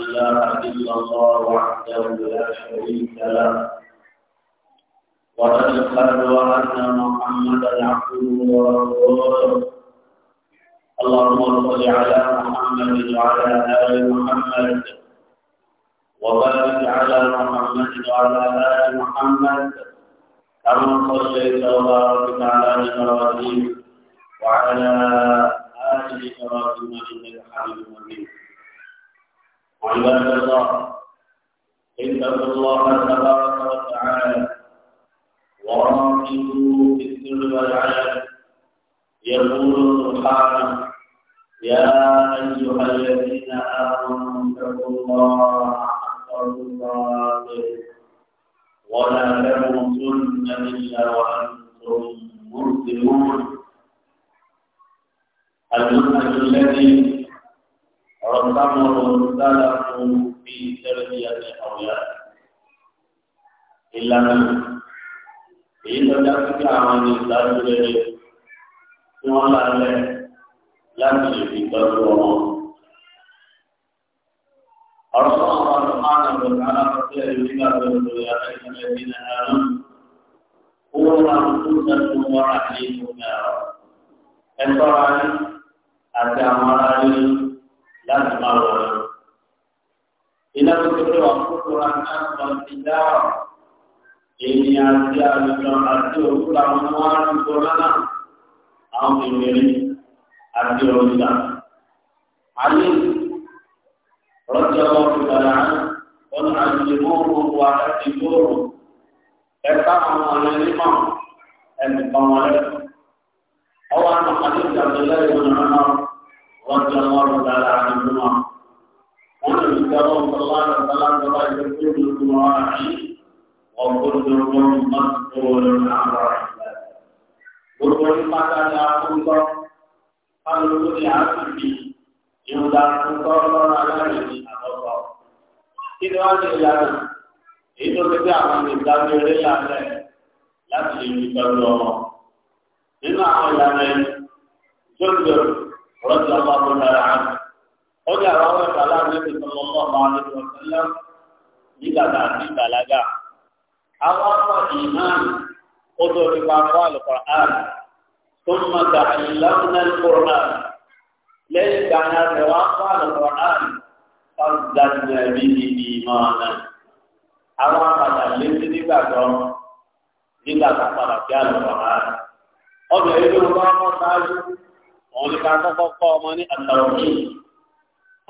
إله إلا الله وحده لا شريك له وأشهد أن محمدا عبده ورسوله اللهم صل على محمد وعلى آل محمد وبارك على محمد وعلى آل محمد كما صليت وباركت على إبراهيم وعلى آل إبراهيم إنك حميد مجيد عباد الله اتقوا الله تبارك وتعالى وراقبوه في السر والعلن يقول سبحانه يا ايها الذين امنوا اتقوا الله حق تقاته ولا تموتن الا وانتم مسلمون المنهج الذي رسمه السلف ينفعه في تربية أولاده ìlànà èyí tó dájú kí àwọn ẹni ìdájú rere tí wọ́n lálẹ́ láti lè fi tọ́jú ọmọ. ọ̀rọ̀ náà wà ló máa ń lọ sí alákọ̀ọ́sílẹ̀ nígbà tó ń lo àtẹ̀sílẹ̀ ní nàìjíríà. owó náà tó dájú wọn rà ní ìlú náà. ẹ sọ́ra ní àti àwọn ará rí láti máa wọ̀ lọ́wọ́. يذكر وكفرا أكبر التجارة إني أتي أبكر أتي وكل عنوان كلنا أو من غيري أتي وكلا علي رضي الله تعالى عنه قل علموهم وأكتبوهم أتعلم أن الإمام أن قال أو أن حديث عبد الله بن عمر رضي الله تعالى عنهما olùdarí ọlọ́run ọlọ́run ọlọ́run olùdókòwò ọ̀hún ọ̀gbọ́dọ̀gbọ́ mọ́tòkòwòrán àwọn ọ̀hún. gbogbo nípasẹ̀ ní akóńtọ́ kálukú ní àtúntì ìhùdà akóńtọ́ ọlọ́run aláìní àlọ́kọ́. kí ni wọ́n ti yára èyí tó ti dé àwọn ìdájọ́ eré lálẹ́ láti lè fi pẹ̀lú ọmọ. nínú àwọn ìlànà yìí jọ́jọ́ rọ́jà ọlọ́run náírà àti ọjà àwọn ẹ̀ka láàrin ẹ̀ka tó lọ́mọ́ ọmọ àlejò ọ̀sẹ̀lẹ̀ nígbàgbà àti ìgbàlágà. àwọn ọmọ ìmáàmù ó tó fi pa fún àlùkò àrùn tó ń mọ̀ta àyìnláwọ̀n ẹ̀kọ́rọ̀nà lẹ́yìn ìgbà náà tẹ̀wá fún àlùkò àrùn fáńdàdì ẹ̀mí ni ìmọ̀ọ́nà. àwọn àpàdà létí nígbàgbọ́ nígbàgbà padà sí àlùkò àrùn. ọbẹ̀ ilé wọn bá wọn sáájú òun ni ká kọ́kọ́ kọ́ ọmọ ní àtàwọn yìí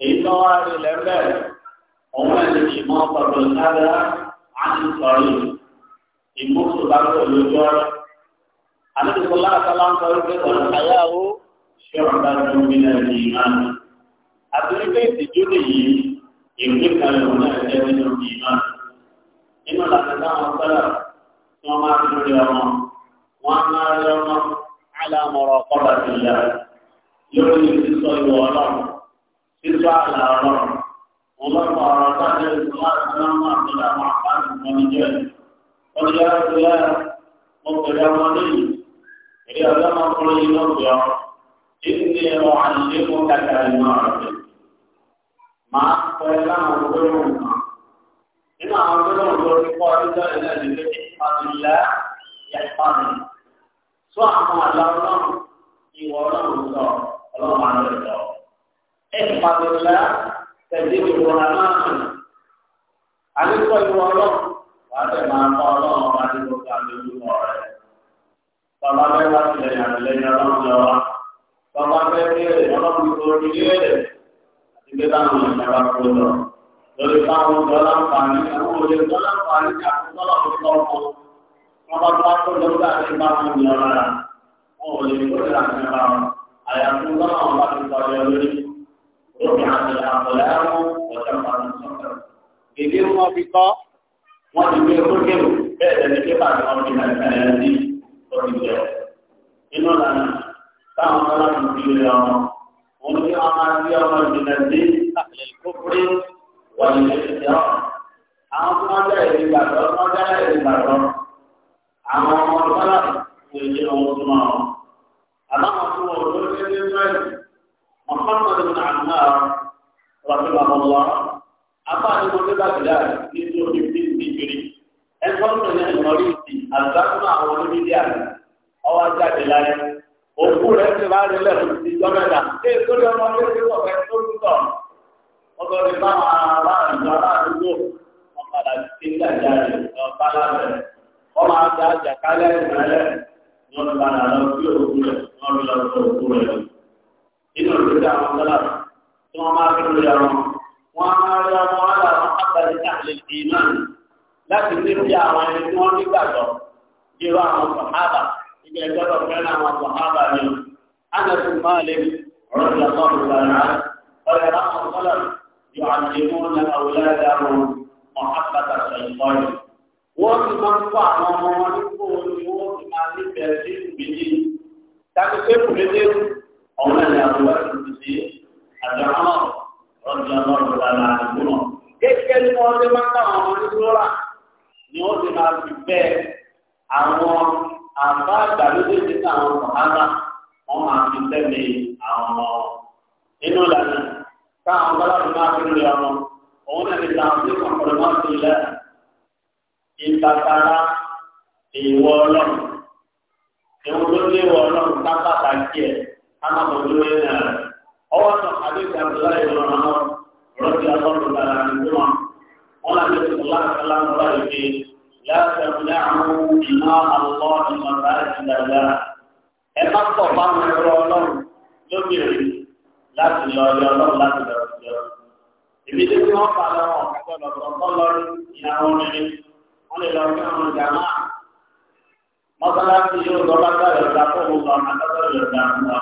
èyí tó wá rí lẹ́fẹ̀ òun náà ní ìmọ̀ ọ̀pọ̀lọpọ̀ sára àti sọ̀rí ìmúṣù bá tó lójú ọ̀rọ̀. àdúgbò láàkàlà ń sọ wípé ọ̀nà àyàwó ṣé ọ̀gá tó ń gbin ẹ̀mí ìmáàmù. àti wípé ìtìjú nìyí ìpín kan lòun náà jẹ́ nínú ìmáàmù. nínú làkàtà àwọn sọ́lá tí wọ́n máa ń lórí ọmọ wọn máa rí ọmọ alámọ̀rọ̀ kọ́bàtìlá lórí ìsísọ ìwọ̀ ọlọ́run. إذا على الله ولما أراد أن يسمع سلام الله محمد من جل قال يا رب يا مقتل أمري يا لما قل ينبع إني أعلمك كلمات ما فعلا أقولون إن أقولون قول قائد إلى ذكر الله يحفظني سواء ما الله يورم الله الله ما يورم احفظ الله تجده امامك àdúgbò ìwọ ọlọ́run wàá tẹ̀ máa kọ́ ọlọ́run wàá ti gbogbo àdúgbò ọ̀rẹ́. Bàbá bẹ́ẹ̀ wá sílẹ̀ àtìlẹ́yìn ọlọ́run lọ wá. Bàbá bẹ́ẹ̀ béèrè ọlọ́run tó rí léèrè àti pé táwọn ìjọba kó lọ. Lórí fáwọn ọjọ́ láǹfààní àwọn olè tó láǹfààní ní àkókò ọ̀hún lọ́kọ̀. Wọ́n bá tó kó lọ sí àti bá wọn ní ọ̀rọ̀ rà. Wọ́n ò lè kó رفعت الأقلام وترفع الصفر إذن وبقاء وإذن كل بعد الاتفاق ربنا الثلاثي وبالجواب إنه لنا تعمل في اليوم وفي أعمال يوم الجنازين أهل الكفر والإحترام àwọn tó máa ń jáde ní gbàgbọ́ tó máa ń jáde ní gbàgbọ́ àwọn ọmọ ọlọ́lá kò lè jẹ́ ọmọ tó máa wọn. àbáwọn محمد بن عمار رحمه الله أما يقول لك بلال نسو فيفتين سنجري أنهم من المريسي أنزلنا أول مليار أو أنزل بلال òkú rẹ ti bá rẹ lẹ́nu ìjọ mẹ́ta ẹ sórí ọmọ ilé tí wọn fẹ́ tó ń tọ ọgọ ní báwọn aráàlú aráàlú wọn padà sí ìdájà rẹ lọ bá lábẹ wọn máa da àjàkálẹ̀ ìrẹ̀lẹ̀ wọn padà lọ sí òkú rẹ wọn lọ sí òkú rẹ lọ nínú ìgbésẹ̀ àwọn sọ́lá tí wọ́n máa fi lórí àwọn wọn á máa rí ọmọ wọn làwọn abàlẹ̀ ní àlè ti náà láti ní bí àwọn ẹni tí wọ́n nígbàgbọ́ bí irú àwọn sọ̀hábà ibi ẹgbẹ́ lọ fẹ́ náà àwọn sọ̀hábà ni ánàtú máa lè ọ̀rọ̀ ìjà náà ló wà rà ọ̀rẹ́ àwọn sọ́lá yóò àdìmú ní àwùjọ wọ́n ti máa ń kọ́ àwọn ọmọ wọn ní kó wọ́n ti máa nífẹ̀ẹ́ sí ìgbìyànjú ọ̀rẹ́ ni àbúrò tuntun sí àti ọmọ àdúgbò. wọ́n máa ń ọmọ ni ti máa fi àwọn àbá ìgbàlódé ti wọ́n máa fi àwọn ọmọ inú ìlànà máa fi ọmọ òun náà táwọn ìtàkàrà ìwọ ọlọ́run ìwọ ló lé ọlọ́run ká pàtàkì ẹ̀. أنا مجنون أول حديث عبد الله بن عمر رضي الله تعالى عنهما قال النبي صلى الله عليه وسلم رأيه لا تمنعوا إماء الله مساجد الله إما الصفان من الله لم láti lọ ilé ọlọ́run láti lọ sí ọ. Èmi tí wọ́n fà lọ́wọ́ ọ̀pọ̀lọpọ̀ ọ̀pọ̀lọpọ̀ ìyàwó rẹ̀ wọ́n lè lọ fún àwọn ìjà náà. Mọ́sálásí yóò lọ bá sáré ọ̀dà fún òun lọ àtàkọ́ ìyọ̀dà fún wa.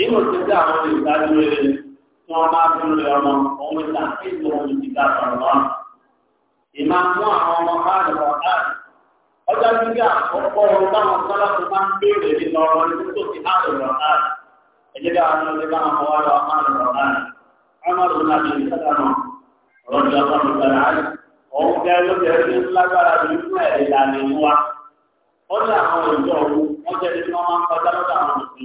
nínú òṣèlú àwọn olè ìdájọ́ rẹ̀ tí wọ́n máa fi rẹ̀ ọmọ ọmọ ìta ìlú omi ìta àtàwọn ìmá mú àwọn ọmọ táwọn tó ń ní tó ti káwọn ọmọ ọmọ náà ti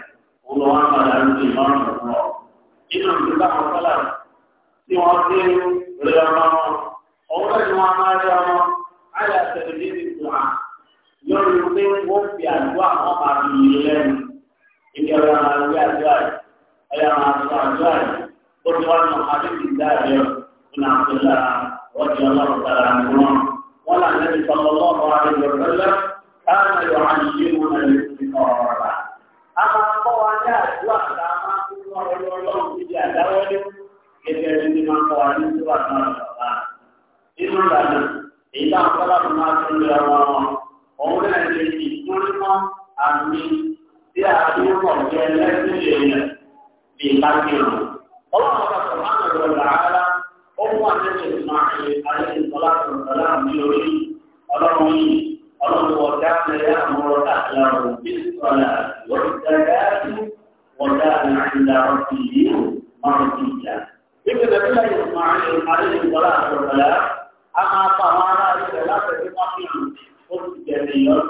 olùwà padà ń di ìmọ̀ràn fún ọ. nínú ìdílé àwọn sọ́là tí wọ́n ti rí ọmọ wọn òun náà ni wọ́n máa rí ọmọ ayé àtẹ̀lẹ́dẹ́ ti tù á lórí pé wọ́n fi àdúrà wọn máa fi yé lẹ́nu. ìgbà wọn máa rí àdúrà yìí ẹ̀yà máa sọ àdúrà yìí ó ti wá ní ọ̀hádé ti dá ẹ̀yọ fún àpẹẹlẹ ọjọ́ ọlọ́run tààrà wọn. wọ́n là ń lẹ́nu ọ̀rọ̀ àdúrà tá àdúrà tá a máa fún ọ̀rọ̀ ọlọ́run níbi àdáwọ́lé gẹ́gẹ́ bí ní máa ń kọ́ wa ní ìtura náà lọ́la. nínú ìlànà èyí tá àwọn sábà fún máa tún lọ wọn ọ̀hún náà lè fi ìtúrímọ́ àmì tí a fi ń pọ̀ jẹ lẹ́sìn èèyàn bí ìbákẹ́rù. ọlọ́run ọba sọ̀rọ̀ máa ń lọ làárá ó fún àtẹ̀jẹ̀ ìsmáàlì alẹ́ ìsọlá قال وكان يأمر أهله بالصلاة والزكاة وكان عند ربه مرضيا ابن الله إسماعيل عليه الصلاة والسلام أما طهارة ثلاثة أقيام قلت جميل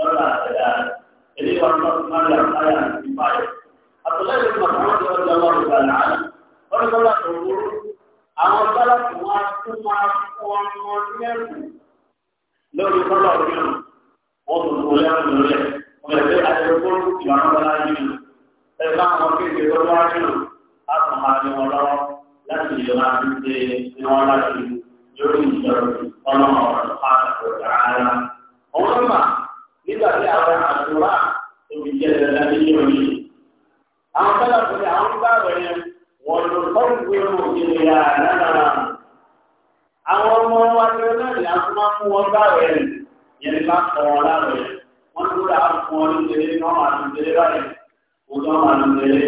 ولا ثلاث إلي وصلت من لم أيام في عبد الله بن مسعود رضي الله تعالى عنه قال الله تعالى أما طلب ما تسمع وما تسمع lórí kọ́lọ̀ yìí wọ́n tún lórí ẹ̀ wọ́n lè yìí ẹ àwọn kéèké tó wá yìí wọn lọ́wọ́ láti lè máa ṣe ní láti lórí ìṣòro ọlọ́mọ ọ̀rọ̀ pàtàkì rárá. Àwọn ọmọ nígbà tí àwọn àdúrà tóbi jẹ́ ẹ̀rọ nílé òní. Àwọn tẹ́lẹ̀ fún àwọn bá yẹn wọ́n lọ sọ́ọ̀bù ìwé òkèèrè àdáná àwọn ọmọ wa ti rẹ náà là ń máa fún wọn báwẹ̀ rẹ̀ yẹn ní bá kọ́ wọn láwẹ̀ rẹ̀ wọ́n tó dà á fún wọn nítorí náà máa ti tẹ̀lé báyìí kó tó máa ti tẹ̀lé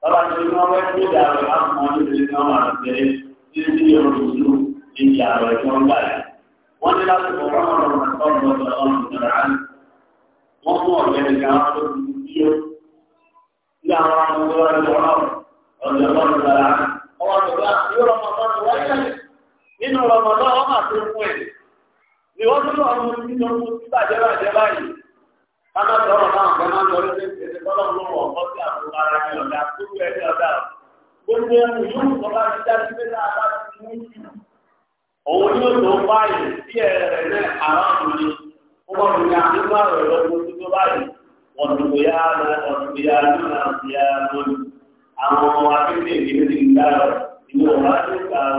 bàbá tí wọ́n fẹ́ tó dà rẹ̀ á fún wọn nítorí náà máa ti tẹ̀lé títí olùdó ìdí àrọ̀ ẹ̀kọ́ ń gbà yìí. wọ́n ní láti kọ̀ wọ́n lọ sọ́dọ̀ ọ̀sán wọ́n mú ọ̀rẹ́ nìkan tó ti di yó. ní àwọn ọmọ tó wà ní ọ̀rọ̀ ọ̀dọ̀ ọ̀dọ̀ ọmọdé wọn máa tó fún ẹ ni wọn tún lọ ọmọ tí lọ fún títà jẹba jẹba yìí káná tó ọmọ náà fẹ́ máa lọ rí ṣe ṣe kọlọ ń lọ ọkọ sí àpò ara ẹ lọdà tó kú ẹgbẹ́ ọdà gbogbo ohun yóò sọ bá ti dá sí pé dáadáa ti mú jù òun yóò tó báyìí sí ẹrẹ náà àwọn ọmọdé wọn kọ àdúgbò àrò ìlọgbọ tó tó báyìí wọn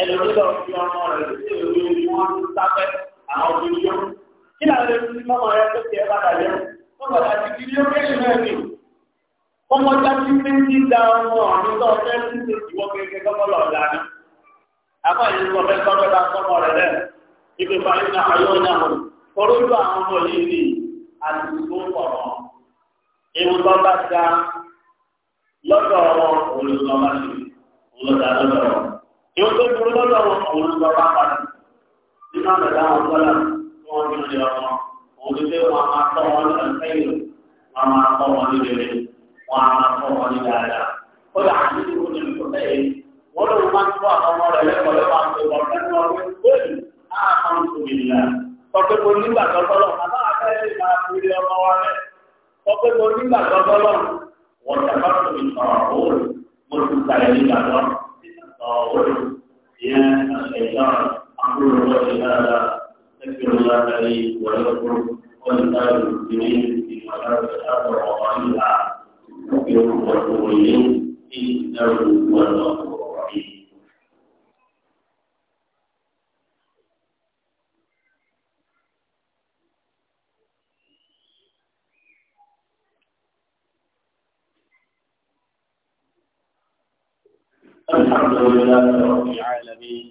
ẹni tó lọ fi ọmọ rẹ̀ sí ìwé ni wọ́n ń sáfẹ́ àwọn oníyó. kí ni àwọn ẹni mọ́mọ́ rẹ tó ti ẹ bá dàbí ẹ ọmọ dàbí kí ni ó kéṣe náà ni ọmọ dàbí pé kí da ọmọ ọ̀run tó ọ̀fẹ́ sí ti ìwọ kékeré kọ́kọ́lọ̀ ọ̀dàní. àbá yìí wọ́n fẹ́ sọ́dọ̀ bá sọ́mọ rẹ̀ lẹ́ ibi parí náà ayọ́ náà mọ̀ kọ́rọ́dọ̀ àwọn ọmọ yìí ni àdúgbò ọ̀rọ̀ ìwúlọ́ bá da lọ́dọ̀ ọ̀rọ̀ òun ló lọ́ bá ṣe òun ló dá lọ́dọ̀ ọ̀rọ̀ yóò tó burú lọ́dọ̀ àwọn olùgbà bá padà nínú àgbàdo àwọn bọ́lá tí wọ́n ti lè ọmọ òun ti pé wọn máa tọ́ wọn lọ́dọ̀ sẹ́yìn wọn máa tọ́ wọn ní rere wọn máa tọ́ wọn ní dáadáa ó lọ àti ní ìlú nínú tó sẹ́yìn wọ́n lọ́dọ̀ máa tó àwọn ọmọ rẹ̀ lẹ́kọ̀ọ́ lọ́wọ́ àti ìwọ̀n lẹ́nu ọdún gbòòlù àwọn tó bìrì la ọmọ rẹ̀ ọ̀pẹ́ kò nígbà tọ́tọ́lọ́ wọ́n tẹ̀ bá tó mi mo nígbà tọ́tọ́ طاغوت يا الشيطان أقول قولي هذا أستغفر الله لي ولكم ولسائر المسلمين في مشارق الأرض ومغاربها أستغفره وأتوب إليه إنه هو الغفور الرحيم لله رب العالمين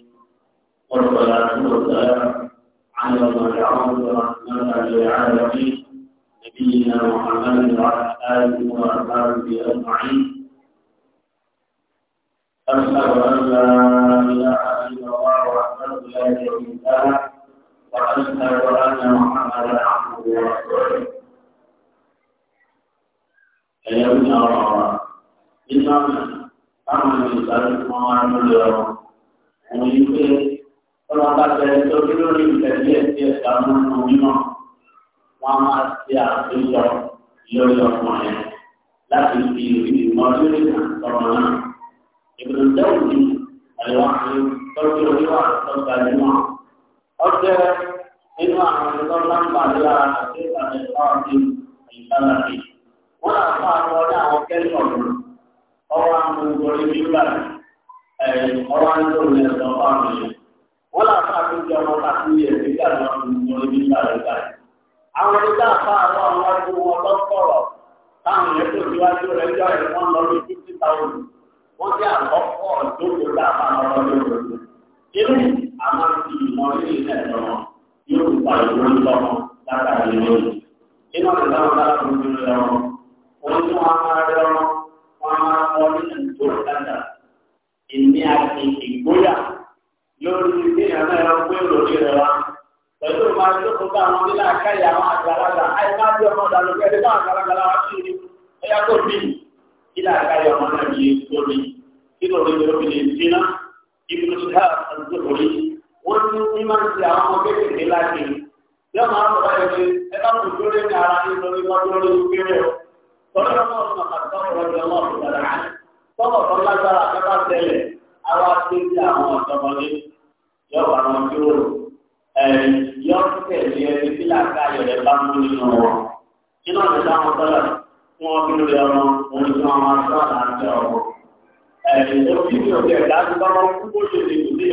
والصلاة والسلام على المبعوث رحمة للعالمين نبينا محمد وعلى آله وأصحابه أجمعين أشهد أن لا إله إلا الله وحده لا شريك له وأشهد أن محمدا عبده ورسوله أيها الأعراب إنما báwọn ọmọ Yorùbá ló wọn wá lórí ọ̀rọ̀ òun yìí pé ọlọ́pàá bẹ̀rẹ̀ tó bí lórí ìtẹ̀lé ẹ̀sìn ẹ̀ka múnú mímọ́ wọn máa ṣe àpéjọ lórí ọkùnrin láti fi ìmọ̀ lórí ìtàkùn náà ìbùdó dẹ́wù ni àlewà ni tọ́jú oníwà tọ́jà nímọ̀ ọjọ́ nínú àwọn ìtọ́lá ń bà lára àti ìtàkùn ẹ̀ka ọ̀gbìn ìtàlàkì wọn àfa àwọn ọdẹ àwọn kẹ́lí ọ̀gbìn ọwọ́ àwọn olùkọ́ni nígbà ọwọ́ àwọn olùkọ́ni ẹ̀sọ́ fáwọn èèyàn. wọ́n lọ fún àtúnṣe ọmọ káàkiri ẹ̀sìn nígbà tí wọ́n fi olùkọ́ni nígbà lọ́gbà. àwọn ẹgbẹ́ àfa àwọn àwọn àti wọn lọ sọ̀rọ̀ táwọn yẹn tó síwájú rẹ̀ jọ ẹ̀ wọ́n lọ ní fifty thousand. wọ́n jẹ́ àkọ́kọ́ ìjókòó lókè ẹni bá àgbàlagbàlà wá sí i ẹyà tó bí ilé àgbáyé ọmọ náà yìí lórí kí lórí lórí lè dín náà ibùdó sí ká àdúgbò lórí wọn ní ní máa ń ṣe àwọn ọmọ kékeré láti rí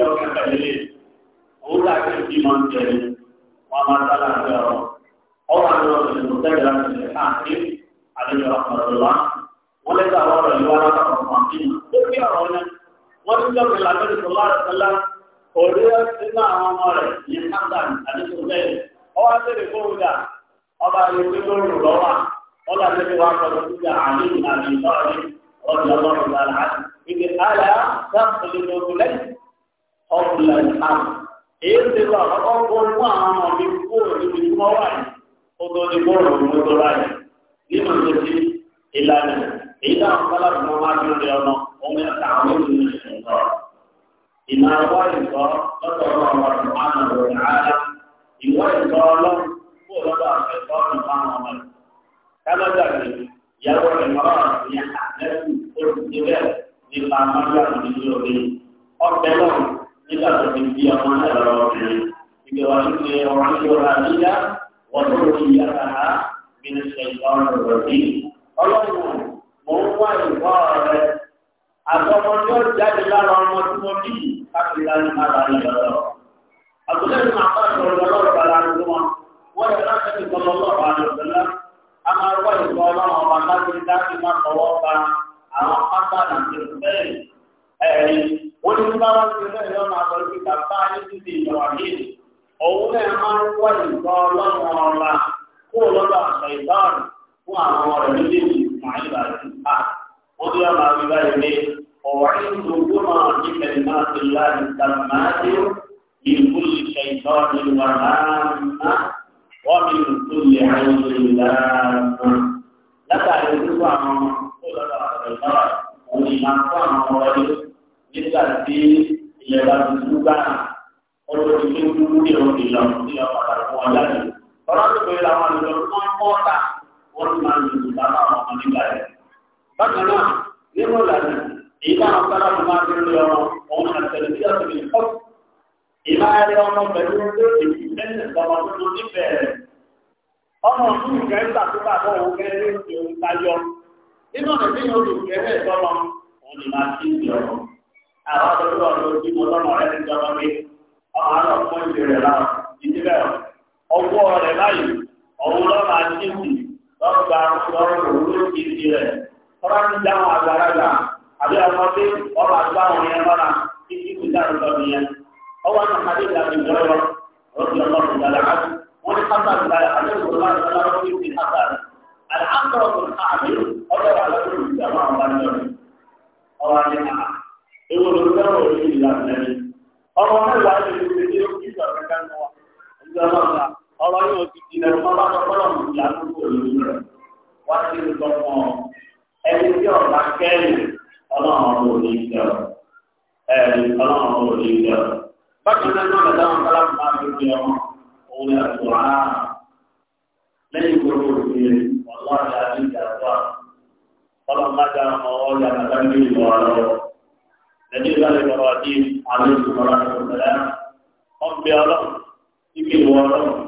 ọjọ́ kẹta ilé òwúrọ̀ àti ìdí máa ń jẹ wọn máa sálà ní ọ̀rọ̀ ọ̀rọ̀ àti ọ̀rọ̀ ìlú tẹ́lẹ̀ láti lè káàkiri àlejò àpàlọ́lá wọn lè ta ọ̀rọ̀ ìlú alákọ̀ọ́ kan bí ó kí ọ̀rọ̀ yẹn wọ́n ti jọ́ kí làbẹ́rẹ́ sọlá àtẹlá òde sínú àwọn ọmọ rẹ̀ ní kánda àlejò bẹ́ẹ̀ ọwọ́ àtẹ̀lẹ̀ fóònù ọba àlejò lórí lọ́wọ́ ọba àlejò wa kọ̀ ọ̀rọ̀ ìgbà àlejò ọ̀pùlà ìhàn èyí ti lọ àkọ́kọ́ gbọ́nú àwọn ọmọ mi kúrò níbi tí wọ́n wà ní ó tó ní bọ́ọ̀lù ọ̀hún tó ráyè nínú tó ti ìlànà èyí táwọn kọ́lá tó máa ń lórí nígbà tó ti di ọmọ ẹ̀rọ ọ̀gbìn ìgbẹ́ wa ti ṣe ọmọ ìṣòro àdíyá wọ́n tó ti yá kàá bí ní ṣe ìtọ́rọ̀ rẹ̀ bí. ọlọ́run mò ń wá ìwọ́ rẹ̀ àtọmọ tí ó jáde lára ọmọ tí mo bí káfí láti má ra ilẹ̀ lọ. àtúntẹ̀sí máa bá ìṣòro lọ́rọ̀ bá lára ní wọn. wọ́n yẹ láti fi tọ́ lọ́wọ́ àlùfẹ́lá. a máa wá ìwọ́ ọlọ́run ọba láti dákì má tọwọ́ ba àwọn pátá wọ́n ní bá wá sí ilé ìlú máa bọ̀ sí bàbá ayé títí ìjọba yìí òun náà máa ń wá ìgbà ọlọ́run ọ̀la kó lọ́dọ̀ àṣà ìbáàrù fún àwọn ọ̀rẹ́ méjèèjì ìsmail àti ìta wọ́n ti wá máa wí báyìí pé ọ̀rọ̀ ìlú gbọ́mọ ní kẹ̀lìmá ti láti tàmáàdé ìlú ìṣẹ̀ ìtọ́ni wà láàmà wọ́n mi tó lè àwọn ìlànà látàrí ìlú àwọn kó lọ́dọ̀ àṣà ìbáàrù òun ìlànà nígbà tí ilẹ̀ bá ti dúró bá ọlọ́ ti tó dúró ní ọ̀rọ̀ ìlà ní ọ̀pàdà fún ọjà yìí. ọ̀rọ̀ tó pé làwọn àlùjọ tó ń kọ́ ọ̀tà wọ́n ti máa ń lòdì sábà àwọn ọmọ nígbà yẹn. bákan náà nínú ìlànà èyí táwọn sábà tó máa ń lórí ọmọ òun náà tẹ̀lé sí ọ̀sẹ̀ yìí pọ̀. ìmáyẹlẹ ọmọ pẹ̀lú ọmọ ọdún ìgbà ń gbàdúrà bọ́ òun gẹ́gẹ́ ní oṣù tayọ nínú ọ̀nà tí yóò lò gẹ́gẹ́ ìtọ́lọ òun lè máa ṣe ìdí ọ̀rọ̀ àwọn tó lọ lọ sí mo lọ́nà rẹ ti jọmọ mi ọmọ àlọ́ fún ìdí rẹ láwọn ìdí bẹ́ẹ̀ ọwọ́ rẹ báyìí ọ̀hún lọ́nà àjíǹdì lọ́gbà lọ́rùn òwúrò ìdí rẹ tọ́lá ti dá àwọn àgbàlagbà àbí ọmọdé ọrọ̀ àgbà wọn yẹn lọ́nà títí kù dáhùn lọ́nà yẹn ọwọ́ náà kàdé ìdàgbé ìjọyọ̀ ọ̀dọ̀ ọlọ́run ìdàlá wọ́n ní ẹ̀rọ bọ́lá ọ̀pọ̀lọ̀ làdúgbò lójú rẹ̀ wọ́n ti ń sọ fún ọ ẹni tí ọ̀gá kẹ́rì ọlọ́run ọ̀rọ̀ òní ìjọ ẹ̀rí ọlọ́run ọ̀rọ̀ òní ìjọ. bákan náà náà lọ́dọ̀ àwọn kọ́lá máa fi fi ọmọ òun ni àtúwà lẹ́yìn gbogbo òfin ọlọ́run àti ìjàdùà ọlọ́run má dá ọmọ ọ̀yà àtàkì ìwọ̀ ọ̀rọ̀ lẹ́yìn ìbálẹ̀ bọ̀rọ̀ àti àlejò ọlọ́run ọ̀sẹ̀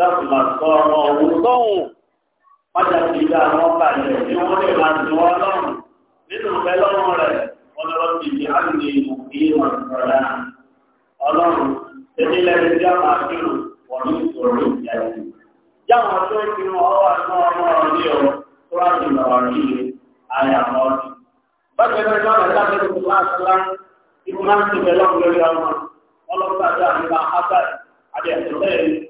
dáàbò máa sọ ọmọ òun tóun wájà sí ilé àwọn ọba rẹ̀ tí wọ́n lè máa ti wọ́n lọ́rùn nínú ìfẹ́ lọ́rùn rẹ̀ ọlọ́run ti di àgbè ìmọ̀kí wọn sọ̀rọ̀ ọlọ́run tẹ̀lé lẹ́nu tí a máa fi rò wọ́n ní ìṣòro ìjà yìí. Jáwọn tó ń fi ọwọ́ àti ọmọ ọ̀rẹ́ ọ̀rọ̀ tó wá sí ìlọ̀ ọ̀rẹ́ yìí ayé àmọ́ ọ̀rẹ́. Bákan náà ìjọba ìjọba ìjọba ìjọba ìjọba ìjọba ìjọba ìjọba ìjọba ìjọba ìjọba ìjọba ìjọba ìjọba ìjọba ìjọba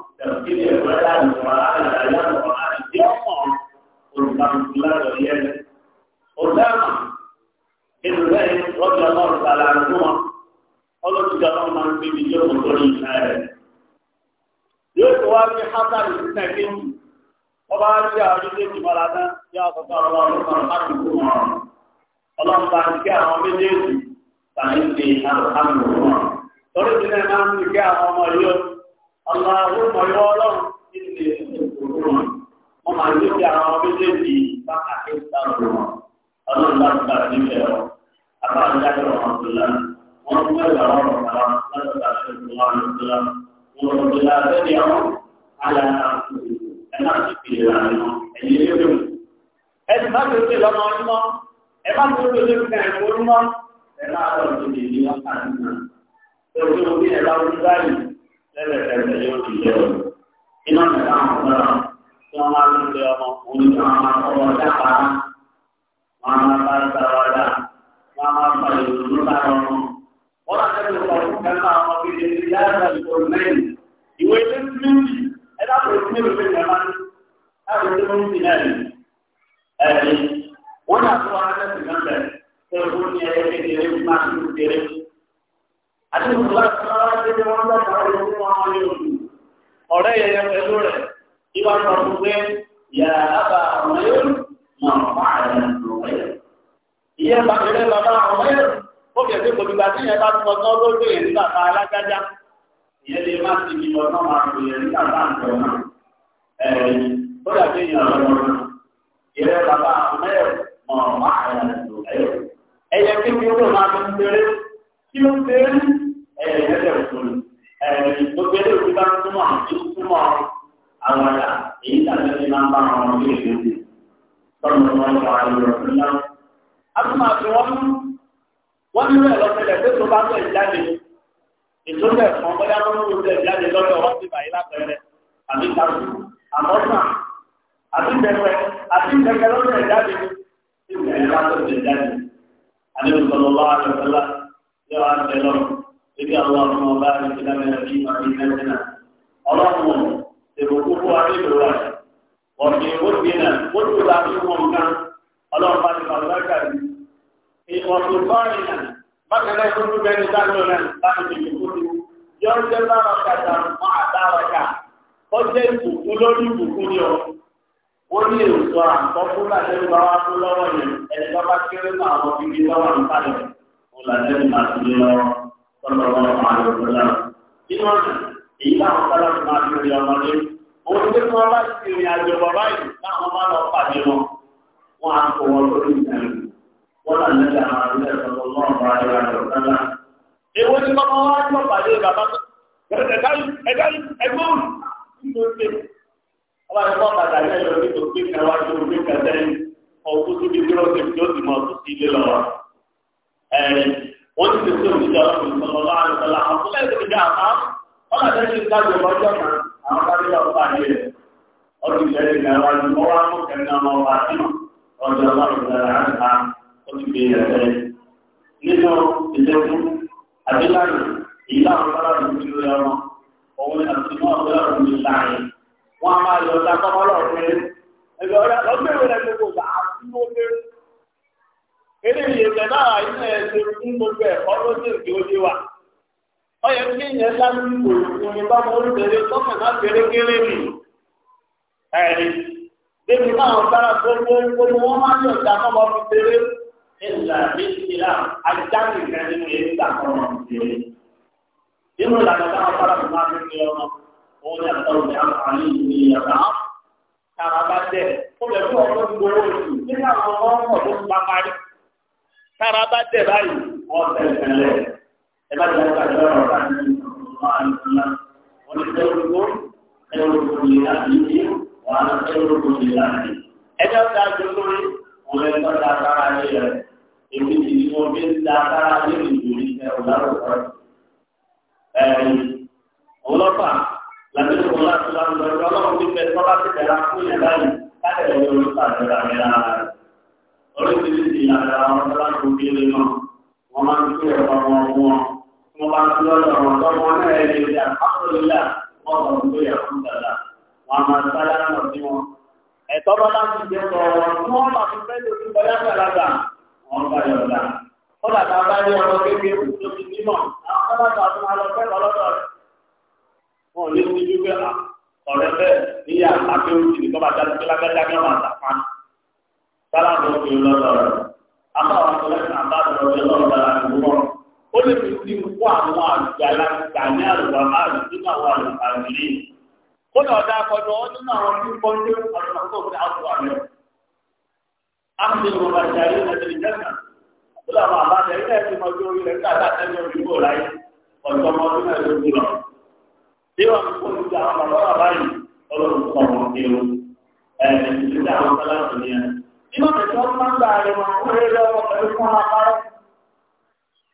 tẹ̀sílẹ̀ ìwádà ìwà àlàyé àwọn àti ọmọ olùkàmùtúlá lórí ẹni. Ọ̀dáàmà nínú bẹ́ẹ̀ lọ́jọ́ ọlọ́run tààlà fún wọn. Ọlọ́dúnjọ́ ọlọ́run máa ń gbé ibi yóò kó lórí ìta rẹ̀. Yóò tó wá ní Hasan ìsìnà kéwù. Ọba ti àwọn ilé ìjìmọ̀lá náà yá ọ̀sọ̀tọ̀ ọlọ́run kan láti kú wọn. Ọlọ́run bá ti kí àwọn méjèèjì tàbí ti àlùkàmù wọn. Torí ti náà máa ń ti kí àwọn ọmọ yóò اللهم يا الله إني أتوب wọ́n máa ní kí àwọn méjèèjì bá kàkí sáàbù wọn ọlọ́run bá ti bàtí ìfẹ́ wọn àbáwọn jáde wọn ọ̀túnlá wọn ń gbé ìyàwó ọ̀rọ̀ kàrà láti bàtí ìfẹ́ wọn ọ̀túnlá wọn ò tún la sẹ́ni àwọn àyà ẹ̀ náà ti fi ìlànà wọn ẹ̀yìn ilé wọn. ẹ ti má tètè lọ́mọ ọdún mọ́ ẹ má tó tètè fún ẹ̀kọ́ ọdún mọ́ ẹ má lọ sí ìdí wọn kàn lẹ́lẹ̀kẹ̀lẹ̀ yóò ti jẹ́ o. iná mi ká àwọn ọ̀gá tí wọ́n máa ń lé ọmọ òun tí wọ́n máa kọ́ ọjà pa á. wọ́n máa bá ìtara ọjà wọ́n máa fa ìrònú lára ọmọ. wọ́n á tẹ́lẹ̀ sọ fún kẹta ọmọ gidi ní yára ìkòrò mẹ́rin. ìwé ilé méjì ẹ dábòó sí ẹ dábòó sí méjì mẹ́rin. ẹ̀ẹ́dì wọ́n yà tó arákẹ́sì náà bẹ̀ ṣé o ní lórí òkú ọ̀rẹ́ yẹn yẹn pẹ̀lú rẹ̀ ìwà ń sọ pé yàrá bàbá ọ̀rẹ́ yóò mọ̀ ọ̀pá àyẹ̀ ọ̀rẹ́ ìyẹn bàbá rẹ̀ bàbá ọ̀rẹ́ ó kẹ̀ pé kò dìgbà tí yẹn bá tún ọtọ́ lórí yẹn nígbà tá a lágájá lè má ti di ọ̀nà máa lò yẹn nígbà tá a ń tọ̀ náà ẹ̀ẹ́dì ó dàbí ìyẹn ọ̀rẹ́ wọn ìrẹ́ bàbá ọ̀rẹ́ mọ̀ ọ̀pá àyẹ̀ ọ̀rẹ́ ẹ̀yẹ kékeré máa ń tẹ̀lé kí ó tẹ̀lé ẹ̀yẹ gbogbo ẹgbẹ́ òkú bá ń túmọ̀ àti túmọ̀ àwọn ọ̀dà èyí tàbí ẹni máa ń bá àwọn ọmọ ilé ìlú ti tọ́nu wọn lọ àlùyọ ńlá. a tún máa fi wọn wọn nílò ẹ̀rọ tẹ́lẹ̀ pé tó bá tẹ̀ jáde ìtúndẹ̀ kan bóyá wọn ló tẹ̀ jáde lọ́dọ̀ wọn ti bàyí lápẹẹrẹ àbí tàbí àmọ́sà àti tẹ̀pẹ̀ àti tẹ̀pẹ̀ lọ́dọ̀ ẹ̀ jáde ìgbà ẹ̀ bá tẹ̀ jáde àdéhùn sọ̀rọ̀ lọ́wọ́ àjọ ibi àwọn ọba ìsìlámẹ́lá bí ìmọ̀lẹ́sẹ̀nà ọlọ́run èròkú fún akéèrò wa ọ̀sẹ̀ ìwọ́dìínà wọ́dù bá fi wọ́n kan ọlọ́run bá ti bàbá bàkà bí ìwọ̀sùn bọ́ọ̀nìyà bákẹ́lẹ́ tó tún bẹ́ẹ̀ ní sáàlù náà láti fi kú sí yọ ń jẹ́ bára kàtà fún àtàràkà ó jẹ́ ìbùkún lórí ìbùkún ni ọ wọ́n ní èso àkọ́kọ́ láti ń bá wa fún lọ́wọ́ yẹn ẹ̀ẹ́dẹ́gbá sallallahu alaihi wasallam nínú ọ̀sẹ̀ èyí táwọn sálà ti máa fi rìn ọmọdé òun tí wọ́n bá ti rìn àjò bọ̀ báyìí táwọn bá lọ pàdé wọn wọ́n á kó wọn lórí ìdáná wọ́n là ní ìdáná àdúgbò ẹ̀sọ́ lọ́wọ́ àdúgbò àdúgbò sálà. èwo ni bàbá wa ń lọ pàdé bàbá tó ẹ̀dáyìí ẹ̀dáyìí ẹ̀gbọ́n nítorí ọba ẹ̀kọ́ bàtà ilé ẹ̀rọ nítorí kẹwàájú orí kẹtẹ́yìn ọ̀gbọ́n tó ti dúró sí ti ó sì mọ̀ ọ̀tún sí ilé lọ́wọ́ ó ti tètè òjijì ọlọ́run ìsọ̀rọ̀ láàrin ọ̀la àwọn tó lẹ́yìn tó jẹ́ àpá wọn àti ẹni ìdájọ́ ọjọ́ kan àwọn bá nílò ọ̀pá yìí rẹ̀ ọdún ìṣẹ̀lẹ̀ ìgbà wa ni wọ́n wá mú kẹ́mínà ọmọ wa nínú ọjọ́ ọlọ́run ìdára àgbà ó ti gbé ẹ̀rẹ́ nínú ìdẹ́kùn àdéláyè èyí láwọn bára ló ti lórí ọmọ òun ni àti mọ́ ọ̀gbẹ́rún mi láàrin wọn a máa yọ ọ̀dà kọ́mọ́lọ́ọ̀fẹ́ ẹgbẹ́ ọ̀dà lọ́gbẹ̀rún rẹ̀ gbogbo eléyìí ẹgbẹ́ náà ilé ẹsẹ̀ fún gbogbo ẹ̀kọ́ ló dé òde òde wa ọyẹ kí ìyẹn lásìkò ìrìn bá wọn lóde tọkàn náà kérékéré mi ẹrí débi náà sára gbogbo gbogbo wọn máa ń yọjà náà wọn fi tẹlé ìlà ìlà àjáde kan nínú yẹn nígbà kan wọn fi tẹlé nínú ìlànà náà sára mi máa fi tẹlé ọmọ òun ní àtàwọn ìyá àmì ìlú ìyàrá kára jẹ kó lè ọmọ gbogbo oṣù tára bá dẹ̀ báyìí wọ́n tẹ̀lé lẹ̀ ẹ bá tẹ̀lé bá tẹ̀lé ọ̀rọ̀ láti wọ́n ti tẹ̀lé olùkọ́ tẹ̀lé olùkọ́ lè láti ní wọ́n á tẹ̀lé olùkọ́ lè láti. ẹjọ́ ta ju lórí wọn lè tọ́ sára lé rẹ̀ èmi sì ni wọ́n fi ń da sára lé ìdòrí ẹ̀ ọ̀làwọ̀ ẹ̀yìn ọlọ́pàá làbí ìwọ láti láti lọ ìwọ ọlọ́run ti fẹ́ tọ́lá ti tẹ̀lé akúnyẹ̀ báyìí láti àdá àwọn tó láti òbí lè náà wọ́n máa ń tó ẹ̀rọ ọmọ ọmọ wọn wọ́n bá ń tó lọ́dọ̀ ọmọ tó wọn náà lè rí àpákòlélà wọ́n bọ̀ tó yẹ fún dàda wọ́n máa ń sáré lọ sí wọn. ẹ̀tọ́ bá láti jẹ́ sọ̀rọ̀ tí wọ́n bá fi fẹ́ lórí bọ́lá gbàlagbà wọ́n bá yọ̀ ọ̀dà. ó dàgbà bá ní ọmọ kékeré tó ti bímọ àwọn bàbá tó máa lọ fẹ́ lọ́dọ̀ rẹ̀. wọn ò ní ní ju pé ọ̀rẹ́ bẹ́ẹ̀ níyà àti ojú nìkan bá dá àbáwọn àtọ́lẹ́sìn àbájọ ọ̀rọ̀ dára lọ́wọ́ ó lè fi sí kó àwọn àgbà alágbà ní àlùbà márùn nínú àwọn àlùbà ìlú kó lọ dá akọjọ ọ nínú àwọn tí ń kọ́ ní ọ̀rọ̀ tó fi àwọn àmì àmì ìwọ̀n àjà yìí lọ sí ìjẹ́sà àbúrò àwọn ló gbúlọ̀ bí wọn àwọn bàbá bàbá yìí nínú ìjọ máa ń gba àrẹ̀mọ̀ orí lọ́wọ́ pẹ̀lú fún apárọ̀.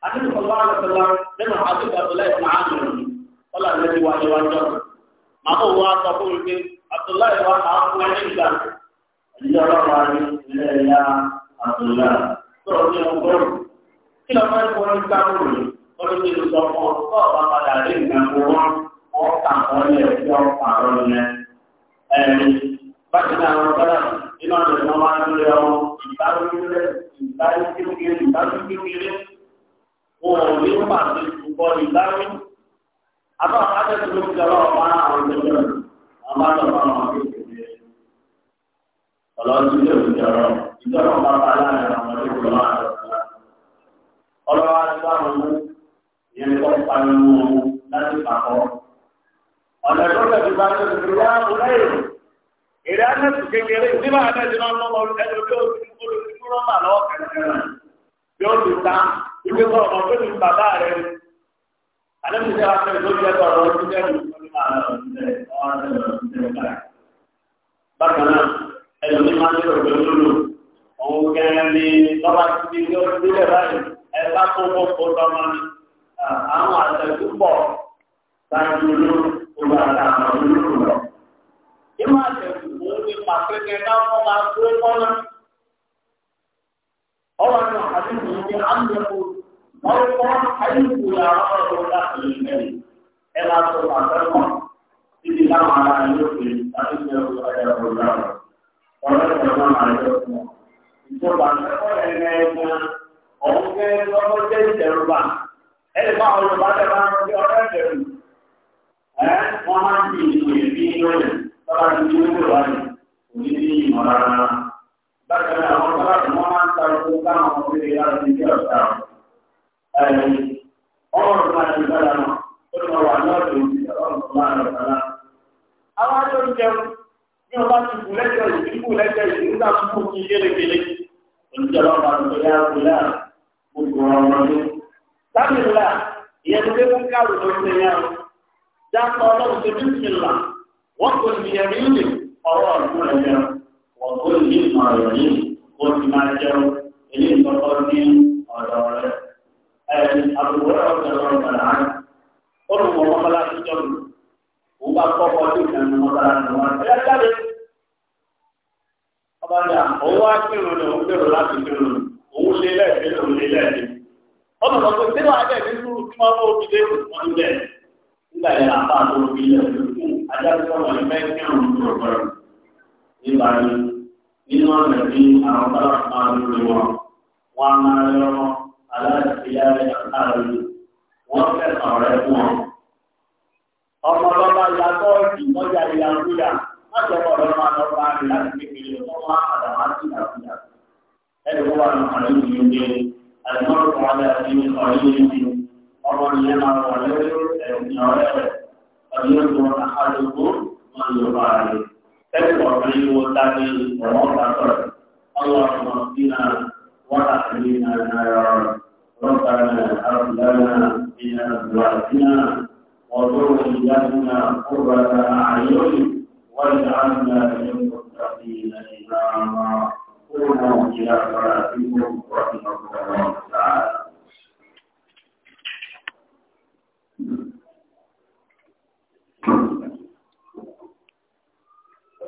Adébí sọ̀rọ̀ wà lọ́sọ̀lá nínú àdúgbò Abdullahi ibn Amir ọ̀là lẹ́sìn nínú ọ̀dọ̀ ni wọ́n máa ń lórí ọmọ ìbáwílẹ̀ ìbáwíkíwìrì ìbáwíkíwìrì wọn ò ní wọ́n máa fi gbọ́ ìbáwí. àbá àbájẹ́ tó ló fi ọlọ́run máa ń àwọn ìjọba wọn máa lọ bá wọn fi kéde. ọlọ́run ti lè fi ọ̀rọ̀ ìjọba wọn bá láàrin àwọn ìjọba wọn àdọ̀tún. ọlọ́run á ti bá wọn mú ìyẹn kọ́ pariwo láti pàkọ́. ọ̀nà ìjọba ìgbà tó ti èrè anẹ́sì kékeré nígbà anẹ́sì náà lọ́wọ́ ẹni tó olùdíkú rọ́mà lọ́wọ́ kẹ̀kẹ́ yóò ti ta ibi kọ́ ọmọ tó ti bàbá rẹ̀ anẹ́sì tẹ́ wàá fẹ́ẹ́ tó jẹ́ tọ̀ lọ́wọ́ tó jẹ́ bákan náà ẹni tó máa ń lò pé lólu òun kẹrin ní lọ́wọ́ ti di ó ti lè báyìí ẹ bá tó kó kó tọ́mọ ni àwọn àtẹ̀tù pọ̀ sáájú olú olú àtàwọn olú lọ. pàṣẹ kẹ náà kọ́ máa tó ọ̀rọ̀ àti kọ́ ya ọ̀rọ̀ láti ilẹ̀ ẹ̀ máa tó pàṣẹ kọ́ títí láwọn ará ilé òkè láti ṣe ọ̀rọ̀ ẹ̀rọ ọ̀rọ̀ ẹ̀rọ náà máa yọ fún ọ. ìjọba ẹ̀kọ́ lọ́wọ́ jẹ́ bá bá ọ̀rọ̀ mọ̀ rárá. Bákan náà, àwọn sábà tí wọ́n máa ń ta oko káwọn ọmọ bíbí láti fi jẹ́ ọ̀tá. Ọ̀rọ̀ tó máa ti gbára náà, ó ti máa wà lọ́ọ̀dù ọ̀rọ̀ tó máa lọ sára. Àwọn ajọ́ ń jẹun bí wọ́n bá ti kù lẹ́jọ́ ìdínkù lẹ́jọ́ ìdínkà tó kù kí yérekele. Olùjọba ọba tó yá kúlá gbogbo ọmọdé. Sábìlá, ìyẹn tó dé fún káàrù ló ń tẹ̀yà. Dákọ̀ ọlọ́run tó dúkìlá, wọ́n ní ọ̀rọ̀ yìí ó ti máa jẹun ilé ìtọ́kọ́ ní ọ̀dọ̀ rẹ̀. Ẹ̀ẹ́dì àbúrò ọ̀sẹ̀ ọ̀rọ̀ bàrà á. Ó lù wọ́n mọ́kànlá sí jọ́lù. Òun bá kọ́kọ́ sí ìkànnì mọ́kànlá sí wọn. Ẹ jáde. Ọba ní àwọn wá kírun ni òun nígbà yìí nínú ọ̀nà tí àwọn bá máa ń lò wọn wọn máa yọ aláìsíyáre àtàrí wọn fẹsàn rẹ fún wọn. ọmọ lọ́ba ya tọ́ọ̀tì mọ́jà ìyá kúyà má jọba ọ̀rọ̀ máa lọ bá mi láti kékeré wọn wá àdàmà sí àkúyà. ẹni wọ́n wà ní ọ̀rẹ́ mi yóò dé àdìmọ́rù kan wọlé àti ọ̀rẹ́ yìí ti ọmọ nìyẹn máa wọlé ẹ̀yìn ọ̀rẹ́ rẹ̀ ọ̀rẹ́ yóò tó àkàlùkù wọn yóò bá a lè. تكبر من وتعليل وأحيينا نارا ربنا هب لنا من أزواجنا وذرياتنا قرة أعين واجعلنا للمتقين إماما قوموا إلى صلاتكم رحمكم الله تعالى Thank you.